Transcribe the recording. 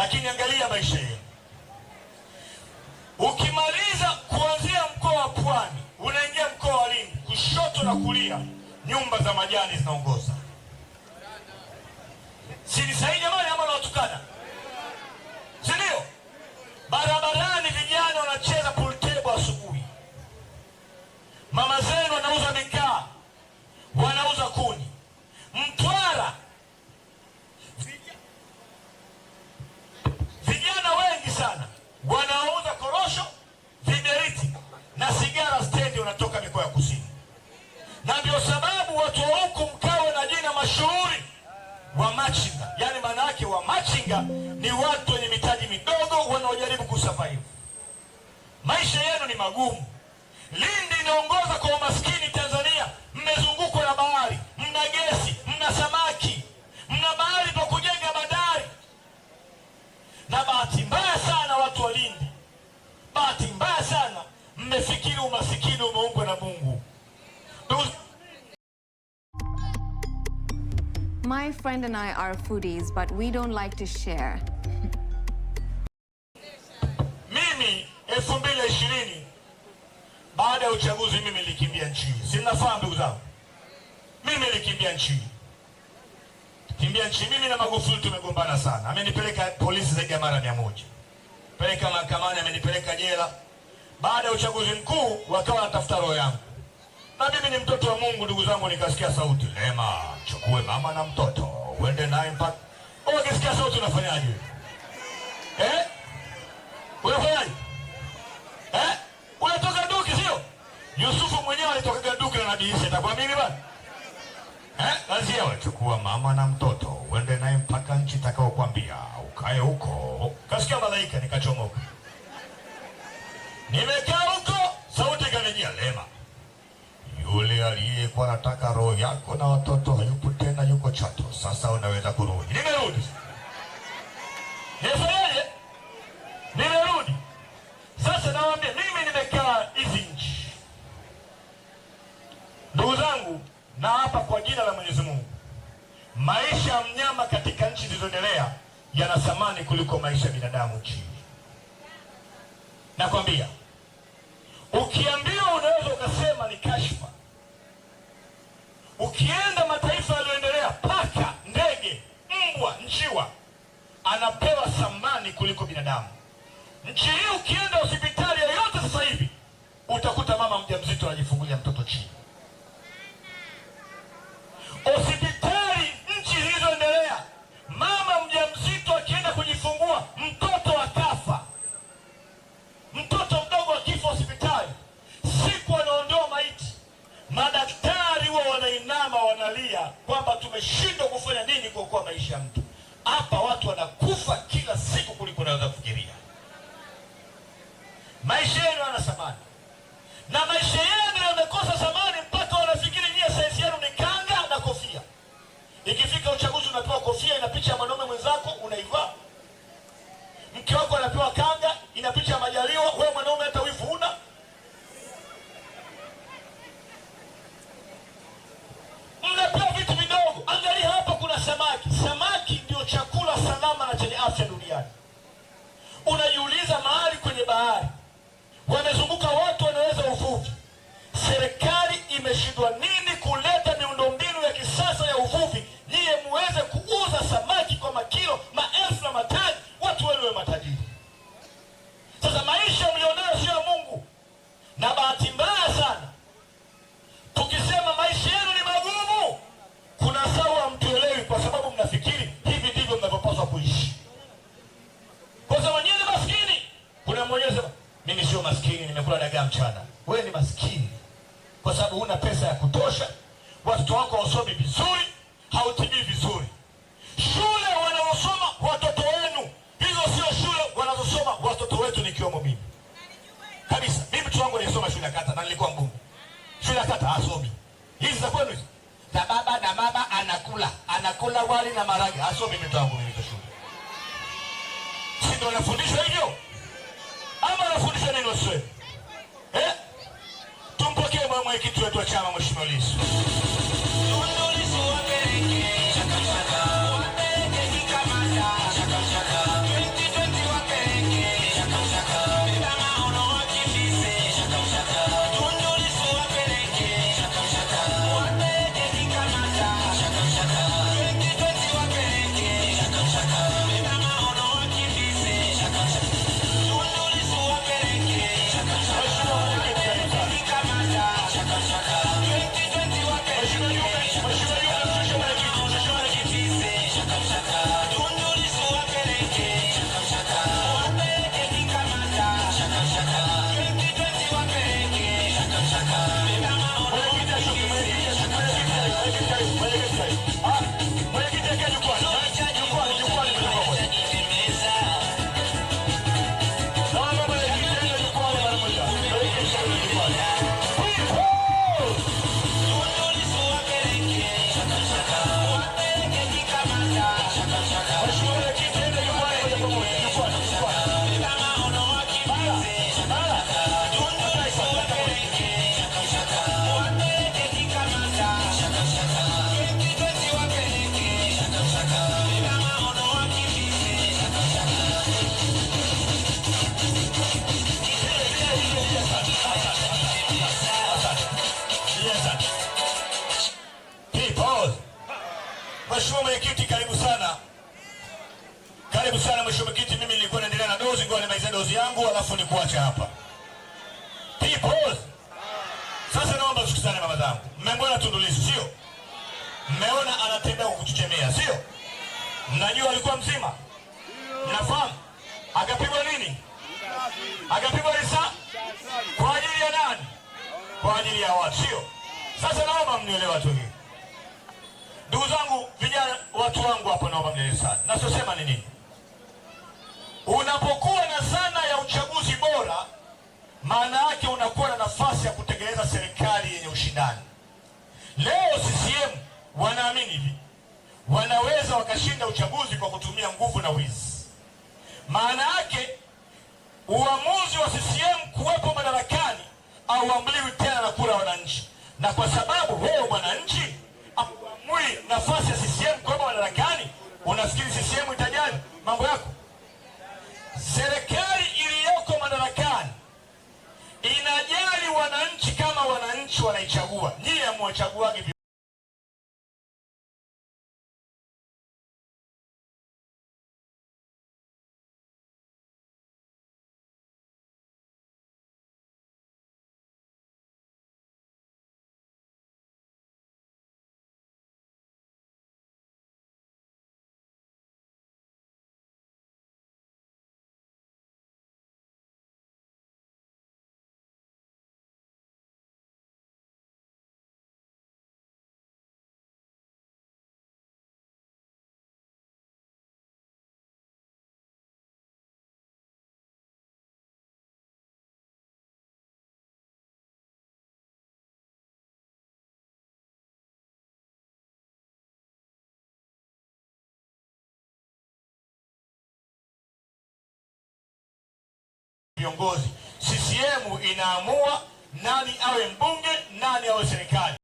Lakini angalia maisha yenu, ukimaliza kuanzia mkoa wa Pwani unaingia mkoa wa Lindi, kushoto na kulia nyumba za majani zinaongoza saidi? ni watu wenye mitaji midogo wanaojaribu kusurvive. Maisha yenu ni magumu. Lindi inaongoza kwa umaskini Tanzania. Mmezungukwa na bahari, mna gesi, mna samaki, mna bahari pa kujenga bandari, na bahati mbaya sana watu wa Lindi, bahati mbaya sana mmefikiri umasikini umeumbwa na Mungu. My friend and I are foodies, but we don't like to share. elfu mbili na ishirini baada ya uchaguzi, mimi nilikimbia nchi hii. Sinafaa ndugu zangu, mimi nilikimbia nchi hii, kimbia nchi. Mimi na Magufuli tumegombana sana, amenipeleka polisi zaidi ya mara mia moja, peleka mahakamani, amenipeleka jela. Baada ya uchaguzi mkuu wakawa natafuta roho yangu, na mimi ni mtoto wa Mungu ndugu zangu, nikasikia sauti lema, chukue mama na mtoto uende naye mpaka. Ukisikia sauti unafanyaje? Eh, unafanyaje? Yusufu mwenyewe alitoka duka na dirisha, atakuwa mimi bwana eh, lazia wachukua mama na mtoto uende naye mpaka nchi takaokwambia ukae huko. Kasikia malaika, nikachomoka, nimekaa huko, sauti ikanijia, Lema, yule aliyekuwa anataka roho yako na watoto hayupo tena, yuko Chato. Sasa unaweza kurudi. Nimerudi, nifanyaje? Nimerudi. Ndugu zangu, na hapa kwa jina la Mwenyezi Mungu, maisha ya mnyama katika nchi zilizoendelea yana thamani kuliko maisha ya binadamu chini. Nakwambia, ukiambiwa unaweza ukasema ni kashfa. Ukienda mataifa yaliyoendelea, paka, ndege, mbwa, njiwa anapewa thamani kuliko binadamu. Nchi hii ukienda hospitali yoyote sasa hivi utakuta mama mjamzito anajifungulia mtoto chini. maisha ya mtu. Hapa watu wanakufa kila siku kuliko kufikiria Maisha yenu yana thamani, na maisha yenu yamekosa thamani mpaka wanafikiri nyie saizi yenu ni kanga na kofia. Ikifika uchaguzi, unapewa kofia ina picha ya mwanaume mwenzako, unaivaa. Mke wako anapewa kanga ina picha ya Majaliwa. mnashindwa nini kuleta miundombinu ya kisasa ya uvuvi, niye muweze kuuza samaki kwa makilo maelfu na mataji, watu wenu we matajiri. Sasa maisha mlionayo sio ya Mungu, na bahati mbaya sana tukisema maisha yenu ni magumu, kuna sawa amtuelewi kwa sababu mnafikiri hivi ndivyo mnavyopaswa kuishi. kwa sababu Mwenyewe ni maskini, kuna mwenyewe sema mimi sio maskini, nimekula dagaa mchana. Wewe ni maskini kwa sababu huna pesa ya kutosha, watoto wako wasomi vizuri, hautibii vizuri. Shule wanaosoma watoto wenu hizo sio shule wanazosoma watoto wetu, nikiwemo mimi kabisa. Mimi mtoto wangu nilisoma shule ya kata na nilikuwa ngumu, Shule ya kata asomi. hizi za kwenu hizi na baba na mama anakula anakula wali na maragi, asomi mtoto wangu mimi shule, si ndio? te amamos, Thank you. karibu sana mheshimiwa mwenyekiti. Mimi nilikuwa naendelea na dozi, ngoja nimalize dozi yangu alafu nikuache hapa. People, sasa naomba tusikizane mama zangu. Mmemwona Tundu Lissu sio? Mmeona anatembea kwa kuchechemea sio? Mnajua alikuwa mzima? Mnafahamu? Akapigwa nini? Akapigwa risa kwa ajili ya nani? Kwa ajili ya watu sio? Sasa naomba mnielewe watu hii. Ndugu zangu vijana, watu wangu hapa naomba mnielewe sana. nasosema ni nini? Unapokuwa na zana ya uchaguzi bora, maana yake unakuwa na nafasi ya kutengeneza serikali yenye ushindani. Leo CCM wanaamini hivi, wanaweza wakashinda uchaguzi kwa kutumia nguvu na wizi. Maana yake uamuzi wa CCM kuwepo madarakani amliwi tena na kura wananchi, na kwa sababu wewe mwananchi auamui nafasi ya CCM kuwepo madarakani, unafikiri CCM itajali mambo yako? amenichagua, nyie amwachaguagi viongozi. CCM inaamua nani awe mbunge, nani awe serikali.